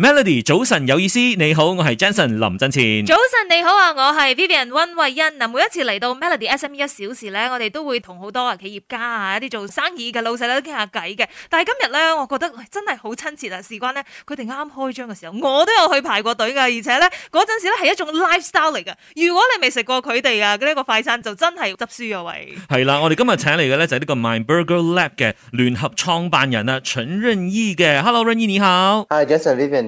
Melody 早晨有意思，你好，我係 Jason 林振前。早晨你好啊，我係 Vivian 溫慧欣。嗱，每一次嚟到 Melody SME 一小時咧，我哋都會同好多啊企業家啊一啲做生意嘅老細都傾下偈嘅。但係今日咧，我覺得、哎、真係好親切啊！事關咧，佢哋啱開張嘅時候，我都有去排過隊噶，而且咧嗰陣時咧係一種 lifestyle 嚟噶。如果你未食過佢哋啊，呢個快餐就真係執輸啊喂，係啦，我哋今日請嚟嘅咧就係呢個 My Burger Lab 嘅聯合創辦人啊陳潤義嘅。Hello 潤義，你好。Hi Jason Vivian。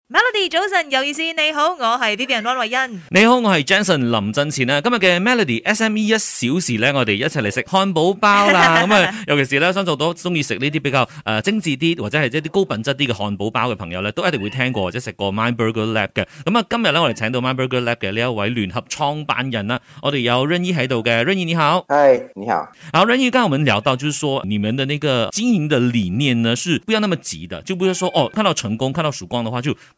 Melody 早晨，有意思，你好，我係呢啲 N 安慧欣。你好，我係 Jenson 林振前啊！今日嘅 Melody S M E 一小時咧，我哋一齊嚟食漢堡包啦！咁 啊、嗯，尤其是咧，想做到中意食呢啲比較誒、呃、精緻啲或者係即係啲高品質啲嘅漢堡包嘅朋友咧，都一定會聽過或者食過 My Burger Lab 嘅。咁、嗯、啊，今日咧我哋請到 My Burger Lab 嘅呢一位聯合創辦人啦、啊。我哋有 Rainy 喺度嘅，Rainy 你好，嗨，你好。Hi, 你好。r a i n y 剛我們聊到就是說，你們的那個經營的理念呢，是不要那麼急的，就不要說哦，看到成功，看到曙光的話就。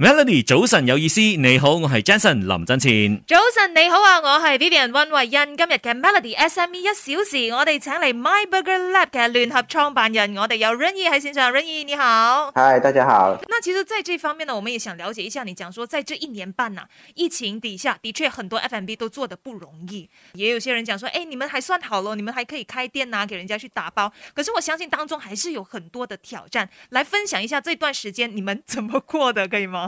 Melody 早晨有意思，你好，我是 Jason 林振前。早晨你好啊，我是 Vivian 溫慧欣。今日嘅 Melody SME 一小時，我哋請嚟 My Burger Lab 嘅聯合創辦人，我哋有 Rainy 先生，Rainy 你好。Hi，大家好。那其實，在這方面呢，我們也想了解一下，你講說，在這一年半啊，疫情底下，的確很多 F&B 都做得不容易。也有些人講說，誒、哎，你們還算好咯，你們還可以開店啊，給人家去打包。可是我相信當中還是有很多的挑戰。來分享一下這段時間你們怎麼過的，可以嗎？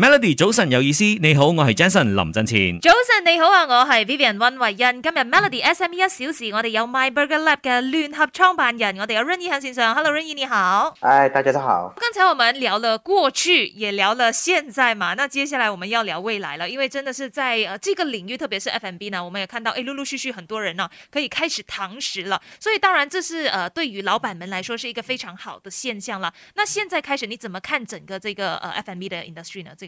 Melody 早晨有意思，你好，我是 Jason 林振前。早晨你好啊，我是 Vivian 溫慧欣。今日 Melody S M E 一小時，我哋有 My Burger Lab 嘅聯合創辦人，我哋有任毅恒先生。Hello，Rennie，你好。哎，大家好。剛才我們聊了過去，也聊了現在嘛，那接下來我們要聊未來了。因為真的是在誒、呃，這個領域，特別是 F M B 呢，我們也看到誒、哎，陸陸續續很多人呢、啊、可以開始堂食了。所以當然，這是誒、呃，對於老闆們來說，是一個非常好的現象啦。那現在開始，你怎麼看整個這個、呃、F M B 的 industry 呢？這